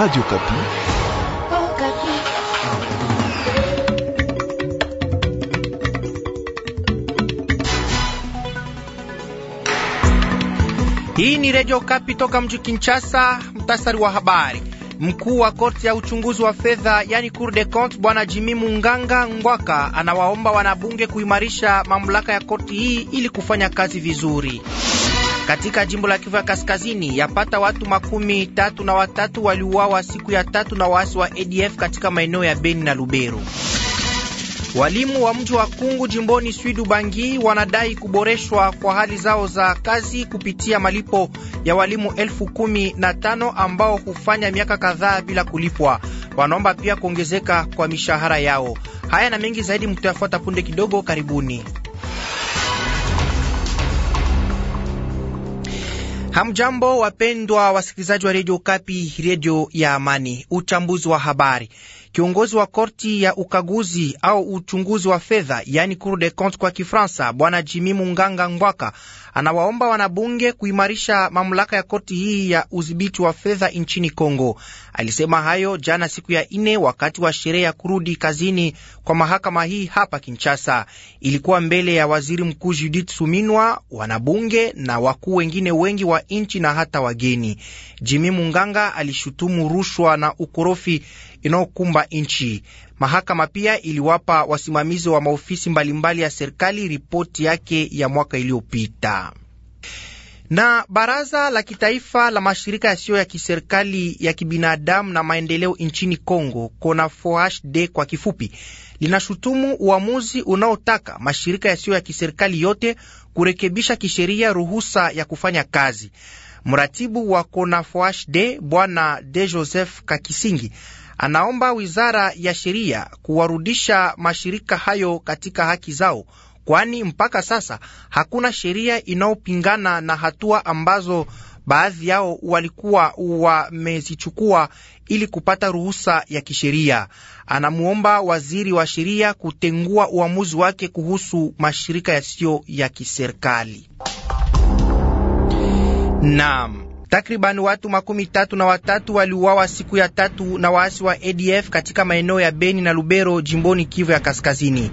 Radio oh, Kapi. Hii ni Radio Kapi toka mji Kinshasa, mtasari wa habari. Mkuu wa korti ya uchunguzi wa fedha yani Cour des Comptes bwana Jimi Munganga Ngwaka anawaomba wanabunge kuimarisha mamlaka ya korti hii ili kufanya kazi vizuri katika jimbo la Kivu ya Kaskazini, yapata watu makumi tatu na watatu waliuawa siku ya tatu na waasi wa ADF katika maeneo ya Beni na Lubero. Walimu wa mji wa Kungu jimboni Swidu Bangi wanadai kuboreshwa kwa hali zao za kazi kupitia malipo ya walimu elfu kumi na tano ambao hufanya miaka kadhaa bila kulipwa. Wanaomba pia kuongezeka kwa mishahara yao. Haya na mengi zaidi mtayafuata punde kidogo. Karibuni. Hamjambo, wapendwa wasikilizaji wa redio Kapi, redio ya amani. Uchambuzi wa habari Kiongozi wa korti ya ukaguzi au uchunguzi wa fedha, yani Cour des Compte kwa Kifransa, Bwana Jimi Munganga Ngwaka anawaomba wanabunge kuimarisha mamlaka ya korti hii ya udhibiti wa fedha nchini Kongo. Alisema hayo jana siku ya nne wakati wa sherehe ya kurudi kazini kwa mahakama hii hapa Kinshasa. Ilikuwa mbele ya waziri mkuu Judith Suminwa, wanabunge na wakuu wengine wengi wa nchi na hata wageni. Jimi Munganga alishutumu rushwa na ukorofi inayokumba nchi. Mahakama pia iliwapa wasimamizi wa maofisi mbalimbali ya serikali ripoti yake ya mwaka iliyopita na baraza la kitaifa la mashirika yasiyo ya kiserikali ya kibinadamu na maendeleo nchini Congo, CONAFOHD kwa kifupi, linashutumu uamuzi unaotaka mashirika yasiyo ya kiserikali yote kurekebisha kisheria ruhusa ya kufanya kazi. Mratibu wa CONAFOHD Bwana De Joseph Kakisingi Anaomba wizara ya sheria kuwarudisha mashirika hayo katika haki zao, kwani mpaka sasa hakuna sheria inayopingana na hatua ambazo baadhi yao walikuwa wamezichukua ili kupata ruhusa ya kisheria. Anamwomba waziri wa sheria kutengua uamuzi wake kuhusu mashirika yasiyo ya kiserikali. Naam. Takriban watu makumi tatu na watatu waliuawa siku ya tatu na waasi wa ADF katika maeneo ya Beni na Lubero jimboni Kivu ya Kaskazini,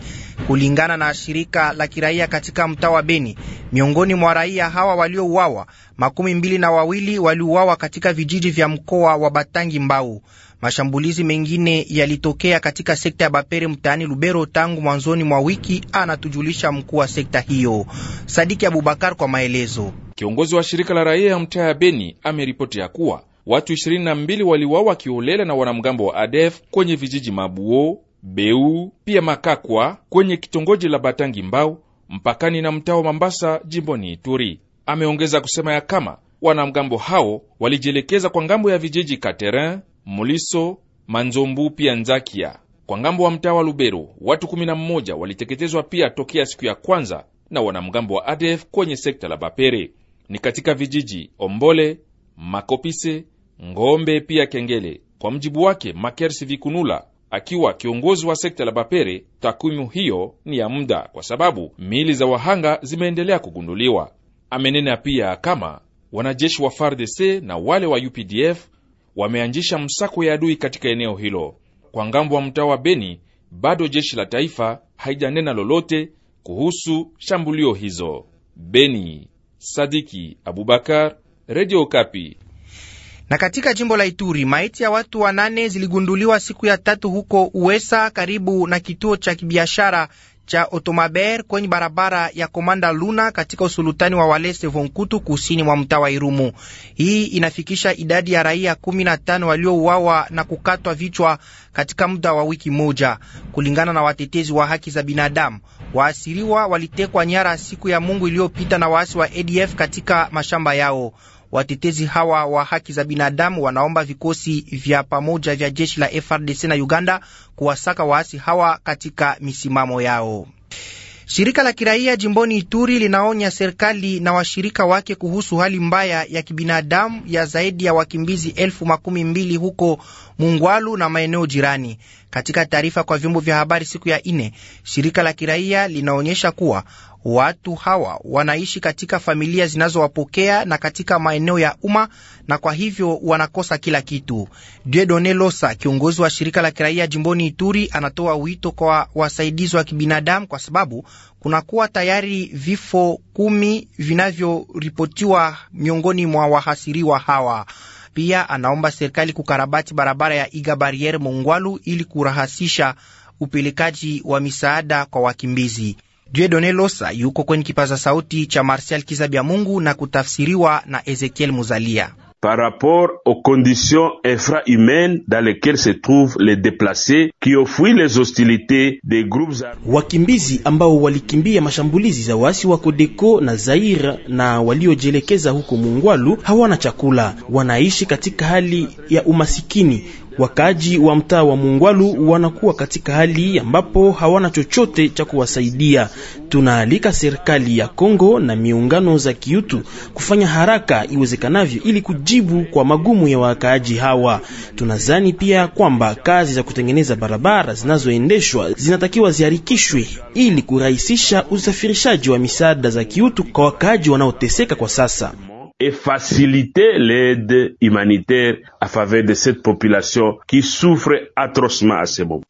kulingana na shirika la kiraia katika mtaa wa Beni. Miongoni mwa raia hawa waliouawa, makumi mbili na wawili waliuawa katika vijiji vya mkoa wa Batangi Mbau. Mashambulizi mengine yalitokea katika sekta ya Bapere mtaani Lubero tangu mwanzoni mwa wiki, anatujulisha mkuu wa sekta hiyo Sadiki Abubakar kwa maelezo. Kiongozi wa shirika la raia ya mtaa ya Beni ameripoti ya kuwa watu 22 waliwawa kiolela na wanamgambo wa ADF kwenye vijiji Mabuo, Beu pia Makakwa kwenye kitongoji la Batangi Mbau mpakani na mtaa wa Mambasa jimboni Ituri. Ameongeza kusema ya kama wanamgambo hao walijielekeza kwa ngambo ya vijiji Katerin, Muliso, Manzombu pia Nzakia. Kwa ngambo wa mtaa wa Lubero watu 11 waliteketezwa pia tokea siku ya kwanza na wanamgambo wa ADF kwenye sekta la Bapere ni katika vijiji Ombole, Makopise, Ngombe pia Kengele. Kwa mjibu wake Makers Vikunula akiwa kiongozi wa sekta la Bapere, takwimu hiyo ni ya muda kwa sababu miili za wahanga zimeendelea kugunduliwa. Amenena pia kama wanajeshi wa FARDC na wale wa UPDF wameanzisha msako ya adui katika eneo hilo. Kwa ngambo wa mtaa wa Beni, bado jeshi la taifa haijanena lolote kuhusu shambulio hizo. Beni, Sadiki Abubakar, Radio Kapi. Na katika jimbo la Ituri maiti ya watu wanane ziligunduliwa siku ya tatu huko uesa karibu na kituo cha kibiashara cha Otomaber kwenye barabara ya Komanda Luna katika usulutani wa Walese Vonkutu kusini mwa mtaa wa Irumu. Hii inafikisha idadi ya raia 15 waliouawa na kukatwa vichwa katika muda wa wiki moja, kulingana na watetezi wa haki za binadamu. Waasiriwa walitekwa nyara siku ya Mungu iliyopita na waasi wa ADF katika mashamba yao. Watetezi hawa wa haki za binadamu wanaomba vikosi vya pamoja vya jeshi la FRDC na Uganda kuwasaka waasi hawa katika misimamo yao. Shirika la kiraia jimboni Ituri linaonya serikali na washirika wake kuhusu hali mbaya ya kibinadamu ya zaidi ya wakimbizi elfu makumi mbili huko Mungwalu na maeneo jirani. Katika taarifa kwa vyombo vya habari siku ya ine, shirika la kiraia linaonyesha kuwa Watu hawa wanaishi katika familia zinazowapokea na katika maeneo ya umma, na kwa hivyo wanakosa kila kitu. Dieudonne Losa, kiongozi wa shirika la kiraia jimboni Ituri, anatoa wito kwa wasaidizi wa kibinadamu kwa sababu kunakuwa tayari vifo kumi vinavyoripotiwa miongoni mwa wahasiriwa hawa. Pia anaomba serikali kukarabati barabara ya Iga Barriere Mongwalu ili kurahisisha upelekaji wa misaada kwa wakimbizi. Dieudonne Losa yuko kwenye kipaza sauti cha Marsial mungu na kutafsiriwa na Ezekiel Muzalia. Par rapport aux conditions infrahumaines dans lesquelles se trouvent les déplacés qui ont fui les hostilités des groupes armés. Wakimbizi ambao walikimbia mashambulizi za waasi wa Kodeko na zair na waliojielekeza huko Mungwalu hawana chakula, wanaishi katika hali ya umasikini Wakaaji wa mtaa wa Mungwalu wanakuwa katika hali ambapo hawana chochote cha kuwasaidia. Tunaalika serikali ya Kongo na miungano za kiutu kufanya haraka iwezekanavyo ili kujibu kwa magumu ya wakaaji hawa. Tunazani pia kwamba kazi za kutengeneza barabara zinazoendeshwa zinatakiwa ziharikishwe ili kurahisisha usafirishaji wa misaada za kiutu kwa wakaaji wanaoteseka kwa sasa et faciliter l'aide humanitaire à faveur de cette population qui souffre atrocement à ce moment.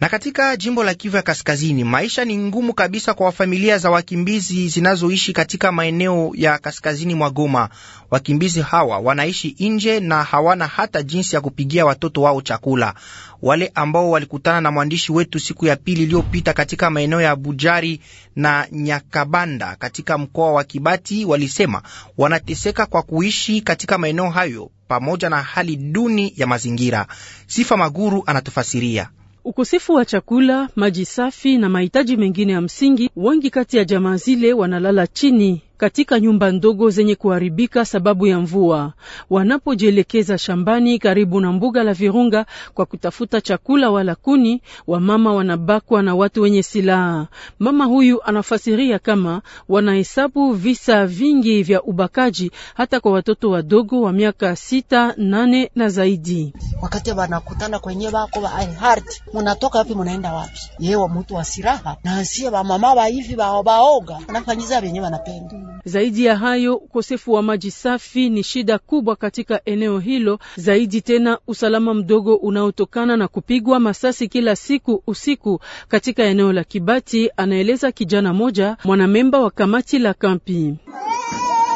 Na katika jimbo la Kivu ya Kaskazini, maisha ni ngumu kabisa kwa familia za wakimbizi zinazoishi katika maeneo ya kaskazini mwa Goma. Wakimbizi hawa wanaishi nje na hawana hata jinsi ya kupigia watoto wao chakula wale ambao walikutana na mwandishi wetu siku ya pili iliyopita katika maeneo ya Bujari na Nyakabanda katika mkoa wa Kibati walisema wanateseka kwa kuishi katika maeneo hayo pamoja na hali duni ya mazingira. Sifa Maguru anatufasiria. Ukosefu wa chakula, maji safi na mahitaji mengine ya msingi, wengi kati ya jamaa zile wanalala chini katika nyumba ndogo zenye kuharibika sababu ya mvua. Wanapojielekeza shambani karibu na mbuga la Virunga kwa kutafuta chakula wala kuni, wamama wanabakwa na watu wenye silaha. Mama huyu anafasiria kama wanahesabu visa vingi vya ubakaji hata kwa watoto wadogo wa miaka sita, nane na zaidi. Wakati wanakutana kwenye bako ba eh, munatoka wapi? Munaenda wapi? Yewa mtu wa silaha na sie ba mama hivi wanafanyiza wanapenda zaidi ya hayo, ukosefu wa maji safi ni shida kubwa katika eneo hilo, zaidi tena usalama mdogo unaotokana na kupigwa masasi kila siku usiku katika eneo la Kibati, anaeleza kijana moja mwanamemba wa kamati la kampi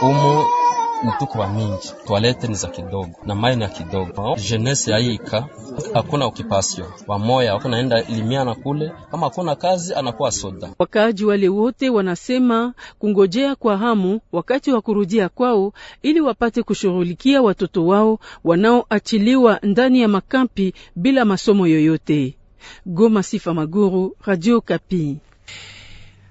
Umu mtuko wa mingi, toilette ni za kidogo na mai ya kidogo. jeunesse ya yaika hakuna okipasio wamoya wako naenda limia kule, kama hakuna kazi anakuwa soda. Wakaaji wale wote wanasema kungojea kwa hamu wakati wa kurudia kwao, ili wapate kushughulikia watoto wao wanaoachiliwa ndani ya makampi bila masomo yoyote. Goma, Sifa Maguru, Radio Kapi.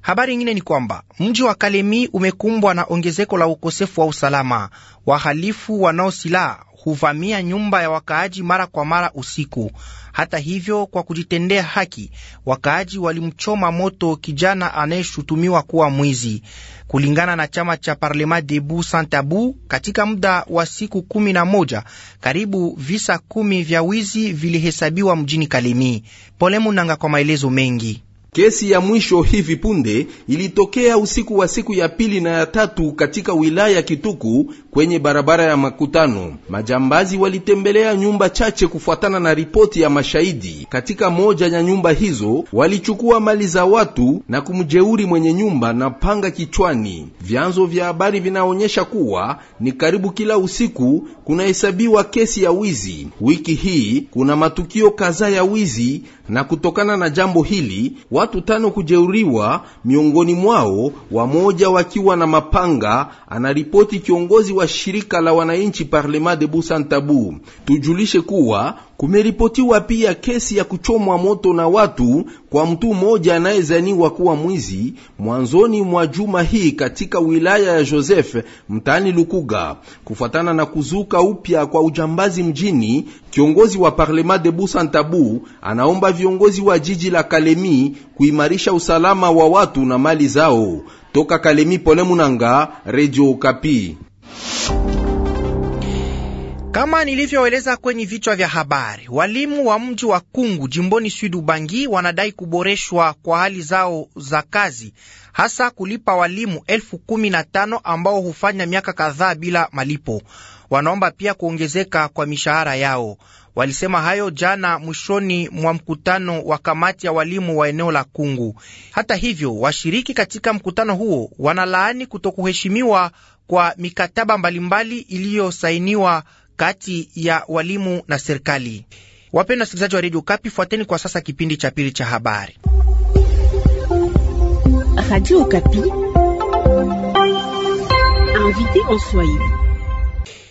Habari ingine ni kwamba mji wa Kalemi umekumbwa na ongezeko la ukosefu wa usalama. Wahalifu wanaosilaha huvamia nyumba ya wakaaji mara kwa mara usiku. Hata hivyo, kwa kujitendea haki, wakaaji walimchoma moto kijana anayeshutumiwa kuwa mwizi. Kulingana na chama cha parlema Debu Santabu, katika muda wa siku kumi na moja karibu visa kumi vya wizi vilihesabiwa mjini Kalemi. Pole Munanga kwa maelezo mengi. Kesi ya mwisho hivi punde ilitokea usiku wa siku ya pili na ya tatu katika wilaya ya Kituku kwenye barabara ya makutano. Majambazi walitembelea nyumba chache kufuatana na ripoti ya mashahidi. Katika moja ya nyumba hizo walichukua mali za watu na kumjeuri mwenye nyumba na panga kichwani. Vyanzo vya habari vinaonyesha kuwa ni karibu kila usiku kunahesabiwa kesi ya wizi. Wiki hii kuna matukio kadhaa ya wizi na kutokana na jambo hili watu tano kujeruhiwa, miongoni mwao wamoja wakiwa na mapanga, anaripoti kiongozi wa shirika la wananchi Parlement de Busantabu. Tujulishe kuwa Kumeripotiwa pia kesi ya kuchomwa moto na watu kwa mtu mmoja anayezaniwa kuwa mwizi mwanzoni mwa juma hii katika wilaya ya Joseph mtaani Lukuga, kufuatana na kuzuka upya kwa ujambazi mjini. Kiongozi wa Parlema de Busantabu anaomba viongozi wa jiji la Kalemi kuimarisha usalama wa watu na mali zao. Toka Kalemi, Pole Munanga, Radio Kapi. Kama nilivyoeleza kwenye vichwa vya habari, walimu wa mji wa Kungu jimboni Sud Ubangi wanadai kuboreshwa kwa hali zao za kazi, hasa kulipa walimu elfu kumi na tano ambao hufanya miaka kadhaa bila malipo. Wanaomba pia kuongezeka kwa mishahara yao. Walisema hayo jana mwishoni mwa mkutano wa kamati ya walimu wa eneo la Kungu. Hata hivyo, washiriki katika mkutano huo wanalaani kutokuheshimiwa kwa mikataba mbalimbali iliyosainiwa kati ya walimu na serikali. Wapenda wasikilizaji wa redio Kapi, fuateni kwa sasa kipindi cha pili cha habari.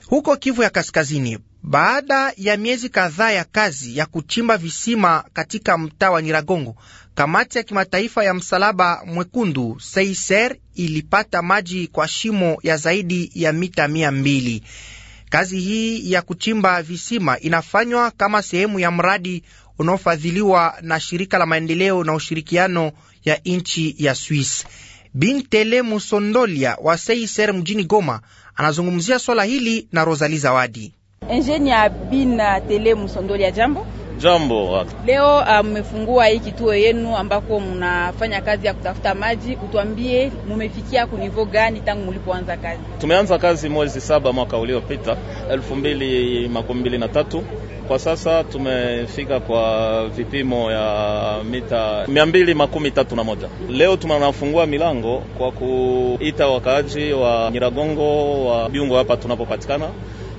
Huko Kivu ya Kaskazini, baada ya miezi kadhaa ya kazi ya kuchimba visima katika mtaa wa Nyiragongo, kamati ya kimataifa ya Msalaba Mwekundu Seiser ilipata maji kwa shimo ya zaidi ya mita mia mbili. Kazi hii ya kuchimba visima inafanywa kama sehemu ya mradi unaofadhiliwa na shirika la maendeleo na ushirikiano ya nchi ya Swiss. Bintele Musondolia wa Seiser mjini Goma anazungumzia swala hili na Rosali Zawadi. Musondolia, jambo Jambo. Leo uh, mmefungua um, hii kituo yenu ambako mnafanya kazi ya kutafuta maji. Utuambie mumefikia kunivo gani tangu mulipoanza kazi? Tumeanza kazi mwezi saba mwaka uliopita elfu mbili makumi mbili na tatu. Kwa sasa tumefika kwa vipimo ya mita mia mbili makumi tatu na moja. Leo tunafungua milango kwa kuita wakaaji wa Nyiragongo wa byungo hapa tunapopatikana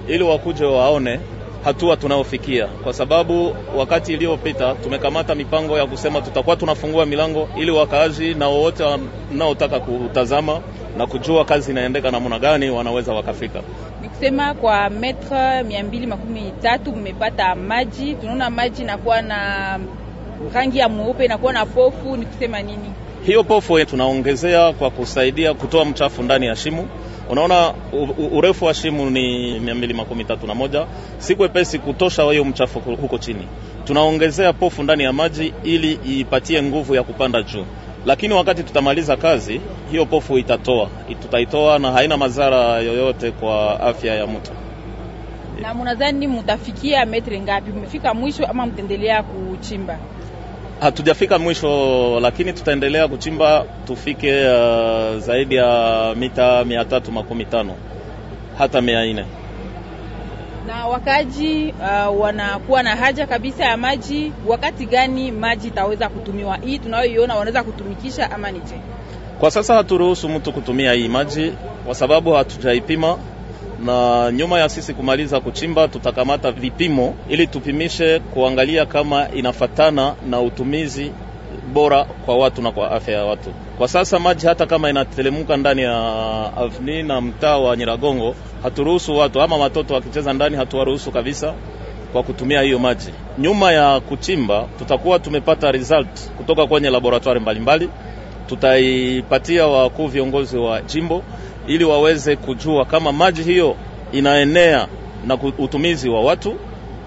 ili wakuje waone hatua tunayofikia, kwa sababu wakati iliyopita tumekamata mipango ya kusema tutakuwa tunafungua milango ili wakaazi na wowote wanaotaka kutazama na kujua kazi inaendeka namna gani wanaweza wakafika. Nikusema kwa metre mia mbili makumi tatu mmepata maji, tunaona maji inakuwa na rangi ya mweupe, inakuwa na pofu, nikusema nini? Hiyo pofu tunaongezea kwa kusaidia kutoa mchafu ndani ya shimo. Unaona urefu wa shimo ni 231, si kwepesi kutosha hiyo mchafu huko chini. Tunaongezea pofu ndani ya maji ili ipatie nguvu ya kupanda juu, lakini wakati tutamaliza kazi hiyo pofu itatoa, tutaitoa na haina madhara yoyote kwa afya ya mtu. Na mnadhani mtafikia metri ngapi? Mmefika mwisho ama mtendelea kuchimba? hatujafika mwisho, lakini tutaendelea kuchimba tufike uh, zaidi ya mita mia tatu makumi tano hata mia nne na wakaji uh, wanakuwa na haja kabisa ya maji. Wakati gani maji itaweza kutumiwa? Hii tunayoiona wanaweza kutumikisha ama nije? Kwa sasa haturuhusu mtu kutumia hii maji kwa sababu hatujaipima na nyuma ya sisi kumaliza kuchimba, tutakamata vipimo ili tupimishe kuangalia kama inafatana na utumizi bora kwa watu na kwa afya ya watu. Kwa sasa maji hata kama inatelemuka ndani ya avni na mtaa wa Nyiragongo, haturuhusu watu ama watoto wakicheza ndani, hatuwaruhusu kabisa kwa kutumia hiyo maji. Nyuma ya kuchimba, tutakuwa tumepata result kutoka kwenye laboratwari mbalimbali, tutaipatia wakuu viongozi wa jimbo ili waweze kujua kama maji hiyo inaenea na utumizi wa watu.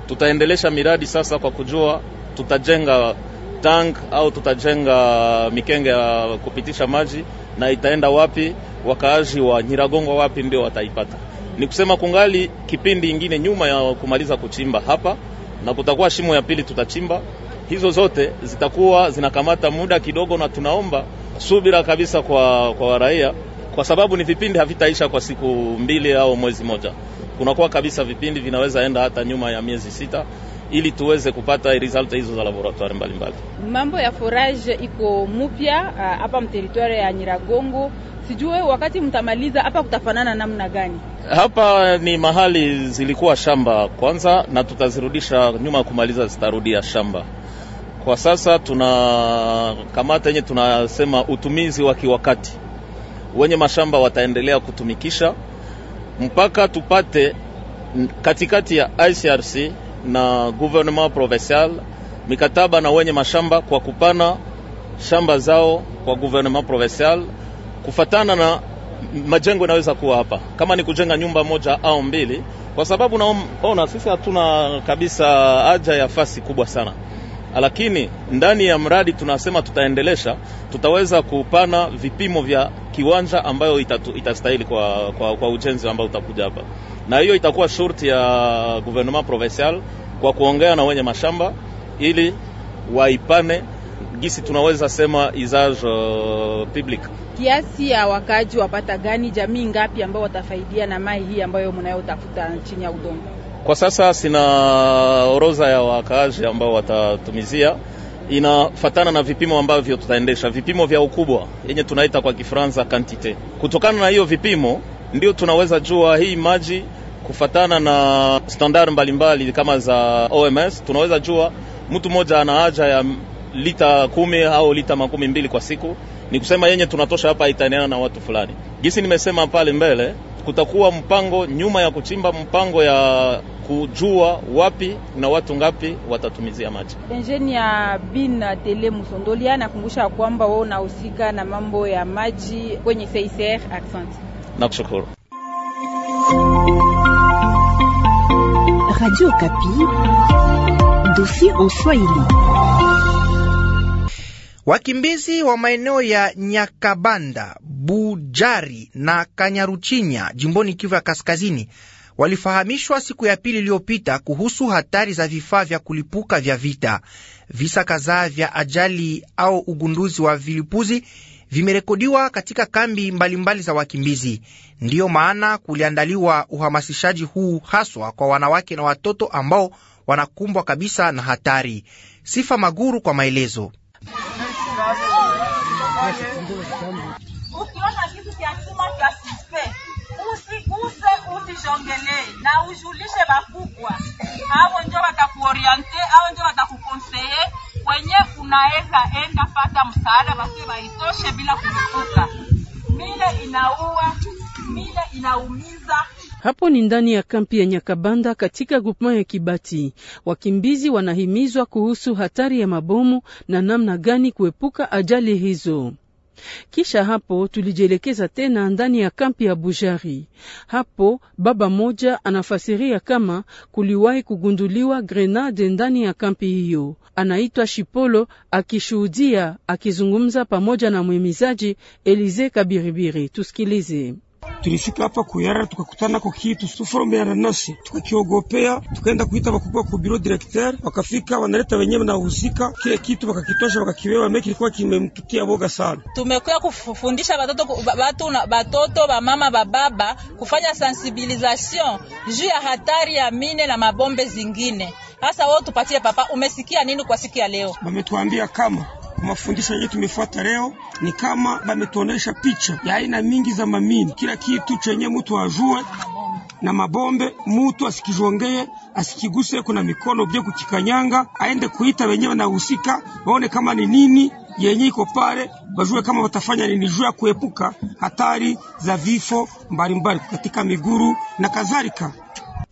Tutaendelesha miradi sasa kwa kujua tutajenga tank au tutajenga mikenge ya kupitisha maji na itaenda wapi, wakaaji wa Nyiragongo wapi ndio wataipata. Ni kusema kungali kipindi ingine nyuma ya kumaliza kuchimba hapa, na kutakuwa shimo ya pili tutachimba. Hizo zote zitakuwa zinakamata muda kidogo, na tunaomba subira kabisa kwa, kwa raia kwa sababu ni vipindi havitaisha kwa siku mbili au mwezi moja. Kunakuwa kabisa vipindi vinaweza enda hata nyuma ya miezi sita ili tuweze kupata result hizo za laboratoire mbalimbali. Mambo ya forage iko mupya ah, hapa mteritwari ya Nyiragongo, sijue wakati mtamaliza hapa kutafanana namna gani? Hapa ni mahali zilikuwa shamba kwanza, na tutazirudisha nyuma ya kumaliza, zitarudia shamba. Kwa sasa tuna kamata yenye tunasema utumizi wa kiwakati wenye mashamba wataendelea kutumikisha mpaka tupate katikati ya ICRC na gouvernement provincial mikataba na wenye mashamba kwa kupana shamba zao kwa gouvernement provincial kufatana na majengo inaweza kuwa hapa kama ni kujenga nyumba moja au mbili, kwa sababu naona sisi hatuna kabisa haja ya fasi kubwa sana lakini ndani ya mradi tunasema tutaendelesha, tutaweza kupana vipimo vya kiwanja ambayo itastahili kwa, kwa, kwa ujenzi ambao utakuja hapa, na hiyo itakuwa shurti ya gouvernement provincial kwa kuongea na wenye mashamba ili waipane gisi tunaweza sema usage uh, public. Kiasi ya wakaji wapata gani? Jamii ngapi ambao watafaidia na mai hii ambayo mnayotafuta chini ya udongo? Kwa sasa sina orodha ya wakaaji ambao watatumizia, inafatana na vipimo ambavyo tutaendesha, vipimo vya ukubwa yenye tunaita kwa Kifaransa quantite. Kutokana na hiyo vipimo ndio tunaweza jua hii maji kufatana na standard mbalimbali kama za OMS, tunaweza jua mtu mmoja ana haja ya lita kumi au lita makumi mbili kwa siku. Ni kusema yenye tunatosha hapa itaeneana na watu fulani, jinsi nimesema pale mbele kutakuwa mpango nyuma ya kuchimba mpango ya kujua wapi na watu ngapi watatumizia maji. Enjinia Bin Tele Musondoli anakumbusha kwamba wao unahusika na mambo ya maji kwenye CICR. Accent na kushukuru. Radio Kapi, dossier en Swahili. Wakimbizi wa maeneo ya Nyakabanda, Bujari na Kanyaruchinya jimboni Kivu ya Kaskazini walifahamishwa siku ya pili iliyopita kuhusu hatari za vifaa vya kulipuka vya vita. Visa kadhaa vya ajali au ugunduzi wa vilipuzi vimerekodiwa katika kambi mbalimbali mbali za wakimbizi. Ndiyo maana kuliandaliwa uhamasishaji huu haswa kwa wanawake na watoto ambao wanakumbwa kabisa na hatari. Sifa Maguru kwa maelezo. Ukiona kitu cha chuma cha suspect usiguse, usishongelee na ujulishe bakubwa. Hao ndio watakuoriente, hao ndio watakukonseye wenye unaweza enda pata msaada, basi waitoshe bila kusukuka. Mile inaua, mile inaumiza. Hapo ni ndani ya kampi ya Nyakabanda katika grupema ya Kibati. Wakimbizi wanahimizwa kuhusu hatari ya mabomu na namna gani kuepuka ajali hizo. Kisha hapo tulijielekeza tena ndani ya kampi ya Bujari. Hapo baba moja anafasiria kama kuliwahi kugunduliwa grenade ndani ya kampi hiyo. Anaitwa Shipolo, akishuhudia akizungumza pamoja na mwimizaji Elize Kabiribiri. Tusikilize. Tulifika hapa Kuyara tukakutana kwa kitu suforomeana nasi tukakiogopea, tukaenda kuita wakubwa ku bureau directeur, wakafika wanaleta wenyewe na uhusika kile kitu wakakitosha wakakiwewa meki, kilikuwa kimemtukia boga sana. Tumekuwa kufundisha batoto watu na watoto ba mama ba baba kufanya sensibilisation juu ya hatari ya mine na mabombe zingine. Sasa wao tupatie papa, umesikia nini kwa siku ya leo? Wametuambia kama mafundisho yenye tumefuata leo ni kama bametuonesha picha ya aina mingi za mamini, kila kitu chenye mtu ajue na mabombe mutu asikijongeye asikiguse kuna mikono bye kukikanyanga, aende kuita wenyewe na waone kama ni nini yenye iko pale, bajue kama watafanya nini juu ya kuepuka hatari za vifo mbalimbali katika miguru na kadhalika.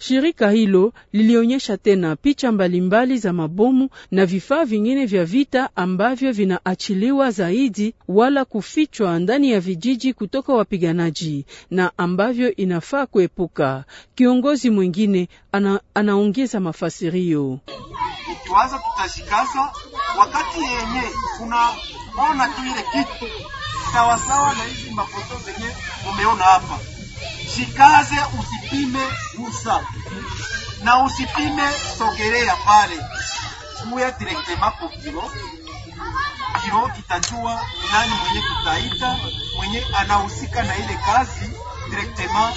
Shirika hilo lilionyesha tena picha mbalimbali za mabomu na vifaa vingine vya vita ambavyo vinaachiliwa zaidi wala kufichwa ndani ya vijiji kutoka wapiganaji na ambavyo inafaa kuepuka. Kiongozi mwingine ana, anaongeza mafasirio tuanza tutashikaza wakati yenye kuna tu ile kitu sawasawa na hizi mafoto zenye umeona hapa Jikaze, usipime gusa na usipime sogelea pale, kuya directement ku kilo kilo, kitajua nani mwenye kutaita, mwenye anahusika na ile kazi directement,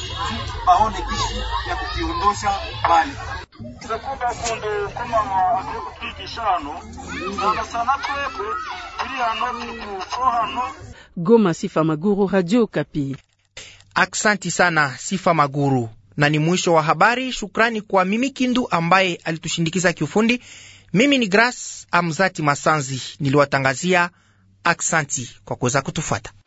baone kishi ya kukiondosha pale sekunda kundu kuma agire kutwigisha hano agasana twebwe turi hano turi ku hano Goma, Sifa Maguru, Radio Kapi. Aksanti sana Sifa Maguru, na ni mwisho wa habari. Shukrani kwa Mimi Kindu ambaye alitushindikiza kiufundi. Mimi ni Grace Amzati Masanzi niliwatangazia. Aksanti kwa kuweza kutufuata.